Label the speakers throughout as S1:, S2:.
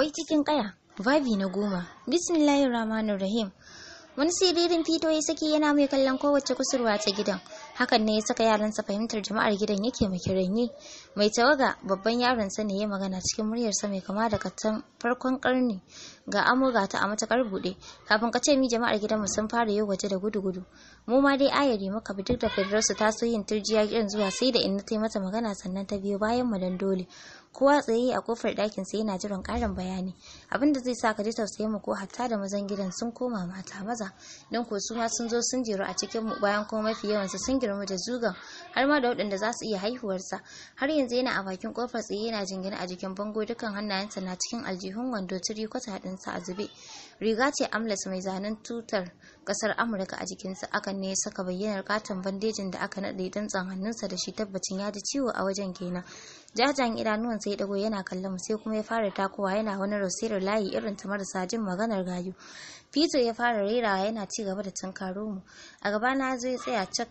S1: wai cikin kaya babi na goma bismillahir rahmanir rahim wani siririn fito ya saki yana mai kallon kowace kusurwa ta gidan hakan ne ya saka yaransa fahimtar jama'ar gidan yake makiranyi mai tawaga babban sa ne ya magana cikin muryar sa mai kama da katan farkon karni ga amurga ta a matakar bude kafin ka ce mi jama'ar gidanmu sun fara yi waje da gudu-gudu mu ma dai ayari muka bi duk da firdarsu ta so yin turjiya gidan zuwa sai da inna ta mata magana sannan ta biyo bayan mu dan dole kowa tsaye a kofar ɗakin sai yana jiran karin bayani abin da zai sa ka ji tausayin mu ko hatta da mazan gidan sun koma mata maza don ko su ma sun zo sun jiro a cikin mu bayan kuma mafi yawansu sun girma da zugan har ma da waɗanda za su iya haihuwarsa har yanzu yana a bakin kofar tsaye yana jingina a jikin bango dukkan hannayensa na cikin aljihun wando turi kwata haɗinsa a zube riga ce amlas mai zanen tutar ƙasar amurka a jikinsa akan ne saka bayyanar katon bandejin da aka naɗe tsan hannunsa da shi tabbacin ya ji ciwo a wajen kenan jajayen idanuwan sai dago yana kallon sai kuma ya fara takowa yana wani rosirar layi irin ta marasa jin maganar gayu Peter ya fara rerawa yana ci gaba da tunkaro mu a gabana ya zo tsaya cak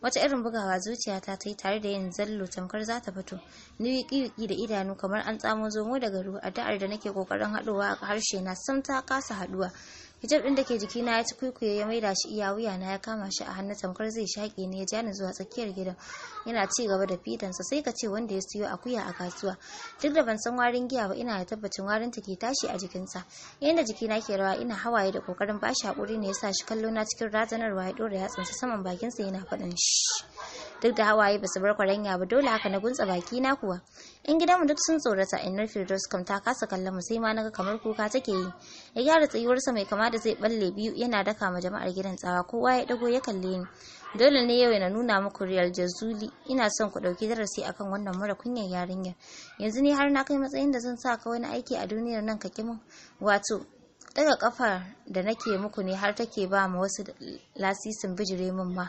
S1: wata irin bugawa zuciyata ta yi tare da yin zallo tamkar za ta fito ni wiki da idanu kamar an tsamo zomo daga ruwa addu'ar da nake kokarin haɗowa a harshe na sam ta kasa haɗuwa hijab din da ke jikina ya ci kuikuye ya maida shi iya wuya na ya kama shi a hannu tamkar zai shaƙe ne ya ja ni zuwa tsakiyar gidan yana ci gaba da fidansa sai ka ce wanda ya siyo akuya a kasuwa duk da ban san warin giya ba ina da tabbacin warin ta ke tashi a jikinsa inda jikina ke rawa ina hawaye da kokarin bashi haƙuri ne ya sa shi kallo na cikin razanarwa ya dora yatsansa saman bakinsa yana faɗin shi duk da hawaye ba su bar kwaranya ba dole haka na guntsa baki na kuwa in gidanmu duk sun tsorata innar firdaus ta kasa kallon mu sai ma naga kamar kuka take yi ya gyara tsayuwarsa mai kama da zai balle biyu yana daka ma jama'ar gidan tsawa kowa ya dago ya kalle ni dole ne yau na nuna muku real jazuli ina son ku dauki darasi akan wannan mura kunyar yarinyar yanzu ne har na kai matsayin da zan sa ka wani aiki a duniyar nan ka kimin wato daga kafar da nake muku ne har take ba ma wasu lasisin bijire min ma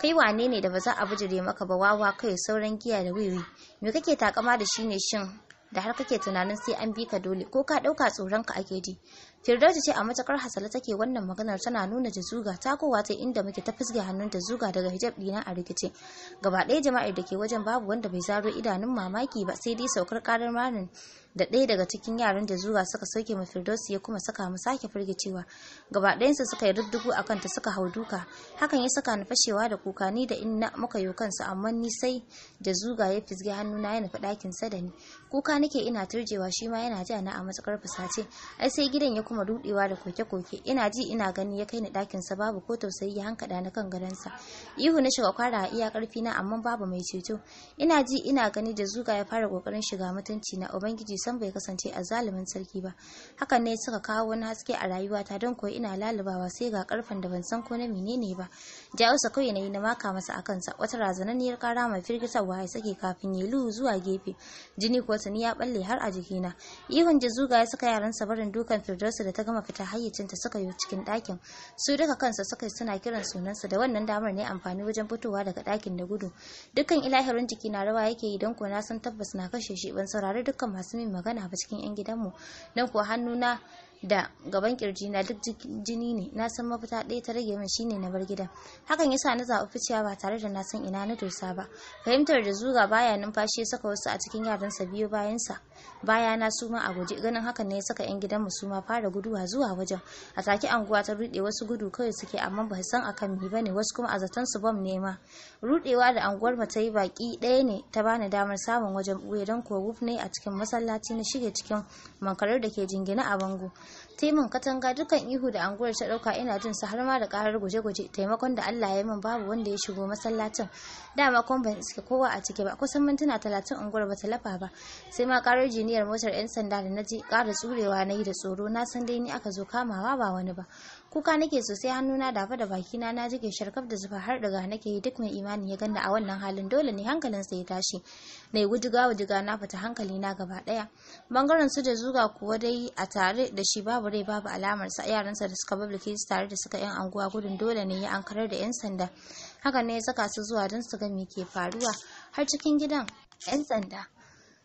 S1: kai wane ne da ba za a bijire maka ba wawa kai sauran giya da wiwi me kake takama da shi ne shin da har kake tunanin sai an bi ka dole ko ka dauka tsoron ka ake ji Firdausi ce a matakar hasala take wannan maganar tana nuna jazuga ta kowa ta inda muke ta fisge hannunta zuga daga hijab dina a rikice. Gaba ɗaya jama'ar da ke wajen babu wanda bai zaro idanun mamaki ba sai dai saukar karar marin da ɗaya daga cikin yaran da zuga suka sauke ma Firdausi ya kuma saka mu sake firgicewa. Gaba ɗayansu suka yi ruddugu a kanta suka hau duka. Hakan ya saka ni fashewa da kuka ni da inna muka yi kansu amma ni sai da zuga ya fisge hannuna ya nufi ɗakin sa da ni. Kuka nake ina turjewa shi ma yana jana a matsakar fusace. Ai sai gidan ya kuma kuma dudewa da koke-koke ina ji ina gani ya kai ni dakin sa babu ko tausayi ya hankada na kan gadon sa ihu na shiga kwara a iya karfi na amma babu mai ceto ina ji ina gani da zuga ya fara kokarin shiga mutunci na ubangiji san bai kasance a zalimin sarki ba hakan ne suka kawo wani haske a rayuwata don koyi ina lalubawa sai ga karfen da ban san ko na menene ba sa kawai na yi na maka masa akan sa wata razananniyar kara mai firgitarwa ya sake kafin ya luhu zuwa gefe jini ko sani ya balle har a jikina ihun jazuga ya saka yaransa barin dukan firdausa da ta gama fita hayyacinta suka yi cikin ɗakin su duka kansa suka suna kiran sunansa da wannan damar ne amfani wajen fitowa daga ɗakin da gudu dukkan ilahirin jiki na rawa yake yi don ko na san tabbas na kashe shi ban saurari dukkan masu min magana ba cikin 'yan gidanmu don ko hannu na. da gaban kirji na duk jini ne na san mafita ɗaya ta rage min shine na bar gidan hakan yasa na zaɓi ficewa ba tare da na san ina na dosa ba fahimtar da zuga baya numfashi ya saka wasu a cikin yaransa biyu bayansa baya na suma a guje ganin hakan ne ya saka yan gidan mu suma fara guduwa zuwa wajen a take anguwa ta rude wasu gudu kawai suke amma ba san akan mi bane wasu kuma a zaton su bom ne ma rudewa da anguwar mu ta yi baki ɗaya ne ta bani damar samun wajen buye don ko ne a cikin masallaci na shige cikin mankarar da ke jingina a bango ta katanga dukan ihu da anguwar ta dauka ina jin su har ma da karar guje-guje taimakon da Allah ya yi min babu wanda ya shigo masallacin dama kuma ban iske kowa a ciki ba kusan mintuna talatin unguwar bata lafa ba sai ma karar jiniyar motar yan sanda da na ji kara tsurewa na yi da tsoro na san dai ni aka zo kamawa ba wani ba kuka nake sosai hannuna dafa da bakina na jike sharkaf da zufa har daga nake yi duk mai imani ya ganna a wannan halin dole ne hankalinsa ya tashi na yi wujiga wujiga na fita hankali na gaba daya bangaren su da zuga kuwa dai a tare da shi babu rai babu alamar sa yaransa da suka babu su tare da suka yan anguwa gudun dole ne ya ankarar da yan sanda hakan ne ya saka su zuwa don su ga me ke faruwa har cikin gidan yan sanda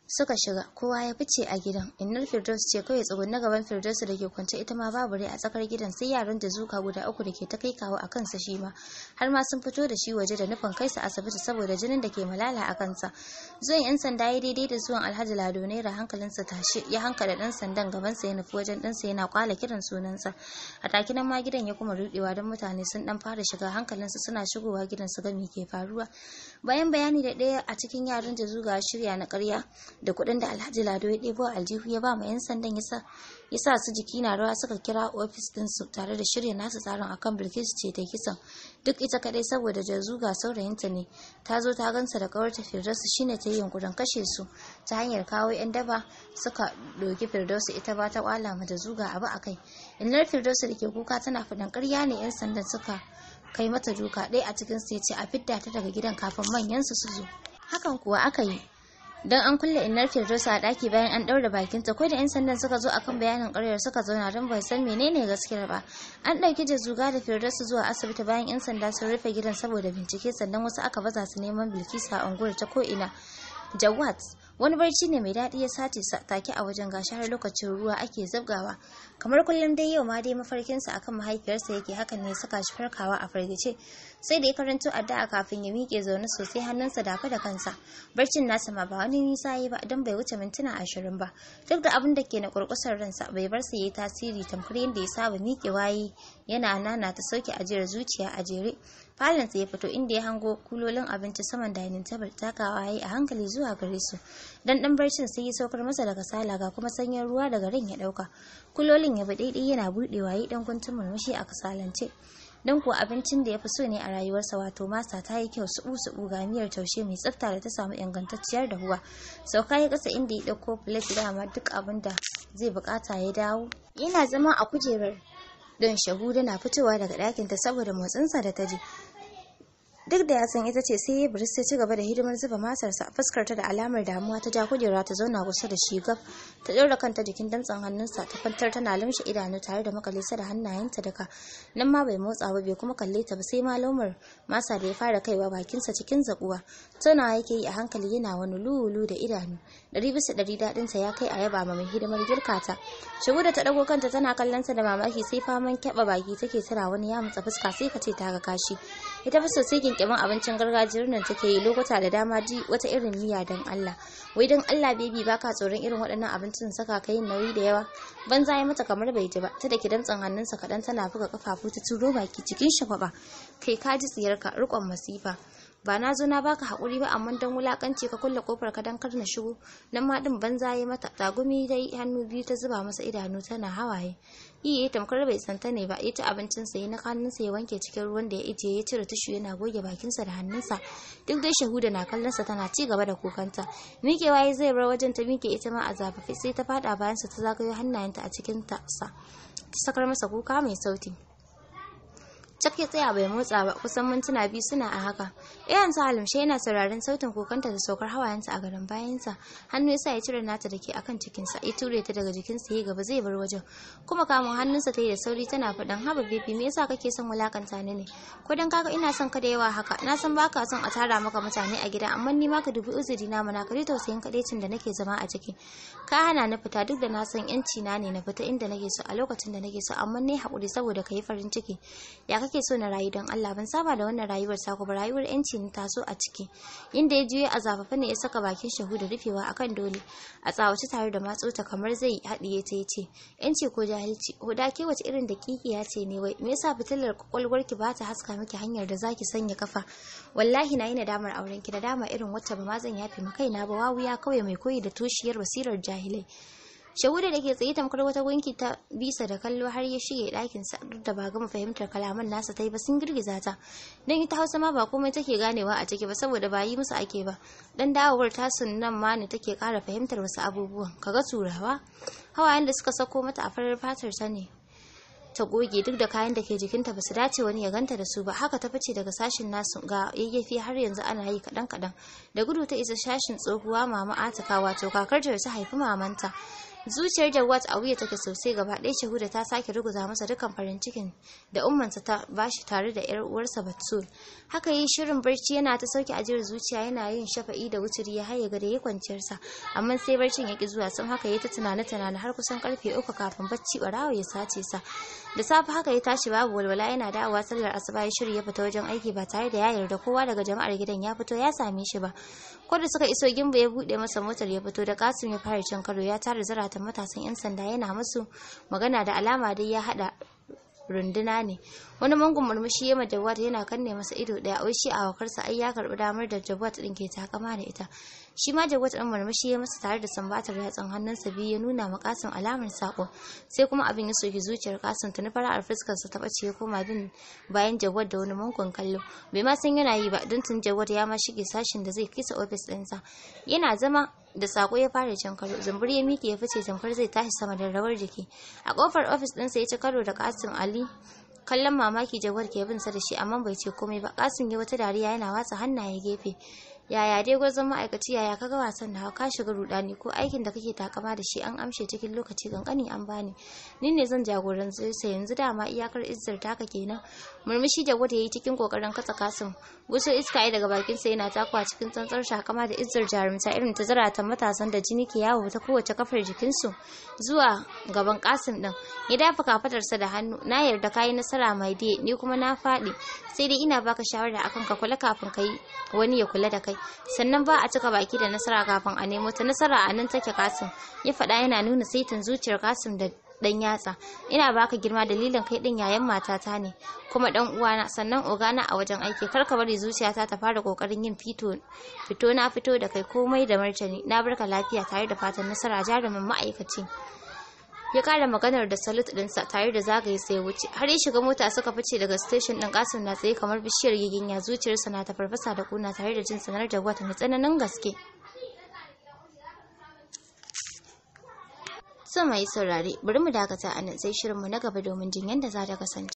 S1: suka shiga kowa ya fice a gidan inar firdaus ce kawai tsugunna gaban firdausa da ke kwance ita ma babu rai a tsakar gidan sai yaran da zuka guda uku da ke ta kai kawo a kansa shi ma har ma sun fito da shi waje da nufin kaisa asibiti saboda jinin da ke malala a kansa zuwan yan sanda ya daidai da zuwan alhaji lado naira hankalinsa tashi ya hankala dan sandan sa ya nufi wajen ɗansa yana kwala kiran sunansa a takinan ma gidan ya kuma rudewa don mutane sun dan fara shiga hankalinsa suna shigowa gidan su ga me ke faruwa bayan bayani da ɗaya a cikin yaran da zuga shirya na ƙarya da kuɗin da alhaji lado ya ɗebo aljihu ya ba ma 'yan sandan ya sa su jiki na rawa suka kira ofis ɗinsu tare da shirya nasu tsarin akan bilkisu ce ta kisan duk ita kadai saboda zuga saurayinta ne ta zo ta gansa da kawarta firdausu shine ta yi yunkurin kashe su ta hanyar kawo 'yan daba suka ɗauki firdausu ita ba ta kwala ma jazuga abu a kai innar firdausu da ke kuka tana faɗin karya ne 'yan sandan suka kai mata duka ɗaya a cikin su ya ce a fidda ta daga gidan kafin manyan su su zo hakan kuwa aka yi don an kulle innar firdausa a ɗaki bayan an ɗaure bakinta kwai da 'yan sandan suka zo akan bayanin karyar suka zauna don bai san menene gaskiya ba an ɗauki zuga da firdausa zuwa asibiti bayan 'yan sanda sun rufe gidan saboda bincike sannan wasu aka baza su neman bilkisa a unguwar ta ina jawat wani barci ne mai daɗi ya sace sa take a wajen gashi har lokacin ruwa ake zabgawa kamar kullum dai yau ma dai mafarkinsa akan mahaifiyarsa yake hakan ne saka shi farkawa a fargice sai da ya karanto addu'a kafin ya miƙe zaune sosai hannunsa dafa da kansa barcin nasa ma ba wani nisa yi ba don bai wuce mintuna ashirin ba duk da abin da ke na ƙurƙusar ransa bai bar sa yayi tasiri tamkar yadda ya saba miƙe waye yana nana ta sauke ajiyar zuciya a jere falansa ya fito inda ya hango kulolin abinci saman dining table takawa yayi a hankali zuwa gare su dan dan barcin sai ya saukar masa daga sala ga kuma sanyin ruwa daga ran ya dauka kulolin ya bi daidai yana buɗewa yayi dan kuntun murmushi a kasalance dan kuwa abincin da ya fi so ne a rayuwarsa wato masa ta yi kyau suɓu suɓu ga miyar taushe mai tsafta da ta samu ingantacciyar dahuwa sauka ya kasa inda ya dauko plate dama duk abin da zai bukata ya dawo yana zama a kujerar don shahuda na fitowa daga ɗakinta saboda motsinsa da ta ji duk da ya san ita ce sai ya bari sai ci gaba da hidimar zuba masarsa fuskarta da alamar damuwa ta ja kujera ta zauna kusa da shi gab ta daura kanta jikin damtsan hannunsa ta fantar tana lumshe idanu tare da sa da hannayenta daka. nan ma bai motsa ba bai kuma kalle ta ba sai ma laumar masa da ya fara kaiwa bakinsa cikin zakuwa tana yake yi a hankali yana wani lulu da idanu ɗari bisa ɗari ta ya kai a yaba ma mai hidimar girka ta shigo da ta dago kanta tana kallonsa da mamaki sai faman kyaɓa baki take tana wani ya mutsa fuska sai ka ce ta ga kashi ita fa sosai ginkimin abincin gargajiyar nan take yi lokuta da dama ji wata irin miya dan Allah wai dan Allah baby baka tsoron irin waɗannan abincin saka ka yin nauyi da yawa banza ya mata kamar bai ji ba ta dake dantsan hannunsa kaɗan tana buga kafafu ta turo baki cikin shagwaba kai ka ji tsiyarka rikon masifa ba na zo na baka haƙuri ba amma dan wulakanci ka kulle kofar ka dan kar na shigo nan ma din banza yayi mata tagumi dai hannu biyu ta zuba masa idanu tana hawaye iye tamkar bai santa ne ba ya ci abincin sa na kanin sa ya wanke cikin ruwan da ya ije ya cire tashu yana goge bakin sa da hannun sa duk dai shahuda na kallon sa tana ci gaba da kokanta. mike waye zai bar wajen ta mike ita ma a zafafi sai ta fada bayan sa ta zagayo hannayenta a cikin ta sa ta sakar masa kuka mai sauti Cak ya tsaya bai motsa ba kusan mintuna biyu suna a haka. Iyan sa halimshi yana sauraron sautin kokanta da saukar hawayenta a garin bayansa. Hannu yasa ya cire nata da ke akan cikinsa ya ture ta daga jikinsa ya gaba zai bar wajen. Kuma kamun hannunsa ta yi da sauri tana faɗan haba bebi me yasa kake son wulakanta ni ne? Ko dan kaga ina son ka da yawa haka na san baka son a tara maka mutane a gida amma ni ma ka dubi uzuri na mana ka tausayin kadaicin da nake zama a ciki. Ka hana ni fita duk da na san yanci na ne na fita inda nake so a lokacin da nake so amma ne hakuri saboda ka yi farin ciki. Ya kake so na rayu don Allah ban saba da wannan rayuwar sako ba rayuwar yanci ni taso a ciki inda ya juye a zafafa ne ya saka bakin shahu da rufewa akan dole a tsawace tare da matsota kamar zai haɗiye ta yace yanci ko jahilci huda ke wace irin dakikiya ce ne wai me yasa fitilar kwakwalwarki ba ta haska miki hanyar da zaki sanya kafa wallahi na yi nadamar aurenki da dama irin wata ba ma zan yafe Kaina ba wawuya kawai mai koyi da tushiyar basirar jahilai shahuda da ke tsaye tamkar wata gunki ta bisa da kallo har ya shige ɗakin sa duk da ba gama fahimtar kalaman nasa ta yi ba sun girgiza ta dan ita hausa ma ba komai take ganewa a ciki ba saboda ba yi musu ake ba dan dawowar tasun nan ma ne take ƙara fahimtar wasu abubuwan kaga turawa hawayen da suka sako mata a farar fatar ta ne ta goge duk da kayan da ke jikinta ba su dace wani ya ganta da su ba haka ta fice daga sashin nasu ga yayyafi har yanzu ana yi kaɗan-kaɗan. da gudu ta isa sashin tsohuwa mama ataka wato kakar ta haifi mamanta zuciyar jawad a wuya take sosai gaba ɗaya shahuda ta sake ruguza masa dukkan farin cikin da ummansa ta bashi tare da yar uwarsa batul haka yi shirin barci yana ta sauke ajiyar zuciya yana yin shafa'i da wuturi ya haye gare ya kwanciyarsa amma sai barcin ya ki zuwa sun haka ya ta tunane tunani har kusan karfe uku kafin barci barawo ya sace sa da safe haka ya tashi babu walwala yana dawowa sallar asuba ya shirya fita wajen aiki ba tare da ya yarda kowa daga jama'ar gidan ya fito ya same shi ba ko da suka iso gimba ya bude masa motar ya fito da kasim ya fara can karo ya tara ta matasan yan sanda yana musu magana da alama dai ya hada runduna ne wani mangun murmushi ya majawat yana kanne masa ido daya oishi shi a wakarsa ai ya karbi damar da jabuwa ta ke takama da ita shi ma jagwata ɗan marmashi ya masa tare da sambatar yatsan hannunsa biyu ya nuna ma kasan alamar sako sai kuma abin ya soki zuciyar kasan ta na fara'ar fuskarsa ta ɓace ya koma bin bayan jagwat da wani mangon kallo bai ma san yana yi ba don tun jagwat ya ma shige sashin da zai kisa ofis ɗinsa yana zama da sako ya fara can karo zumbur ya miƙe ya fice tamkar zai tashi sama da rawar jiki a kofar ofis ɗinsa ya ci karo da kasim ali kallon mamaki jagwar ke bin sa da shi amma bai ce komai ba kasim ya wata dariya yana watsa hannaye gefe yaya dai gwarzon ma'aikaci yaya kaga wasan da ka shiga rudani ko aikin da kake takama da shi an amshe cikin lokaci kankani an bani ni ne zan jagoranci sa yanzu dama iyakar izzar taka kenan murmushi da gwada yayi cikin kokarin katsa kasin gusu iska ai daga bakin sa yana takwa cikin tsantsar shakama da izzar jarumta irin ta zara ta matasan da jini ke yawo ta kowace kafar jikin su zuwa gaban kasim din ya dafa sa da hannu na yarda kai nasara mai dai ni kuma na fadi sai dai ina baka shawara akan ka kula kafin kai wani ya kula da kai sannan ba a cika baki da nasara kafin a nemo ta nasara a nan take kasim ya faɗa yana nuna saitin zuciyar kasim da dan yatsa ina baka girma dalilin kai din yayan matata ne kuma dan uwana sannan ogana a wajen aiki kar ka bari zuciyata ta fara kokarin yin fito fito na fito da kai komai da martani na barka lafiya tare da fatan nasara jarumin ma'aikaci ya kara maganar da salut dinsa tare da zagaye sai wuce har ya shiga mota suka fice daga station din kasan na tsaye kamar bishiyar giginya zuciyarsa na ta farfasa da kuna tare da jin sanar da wata na tsananin gaske so mai saurare bari mu dakata a nan sai shirinmu na gaba domin jin yadda za ta kasance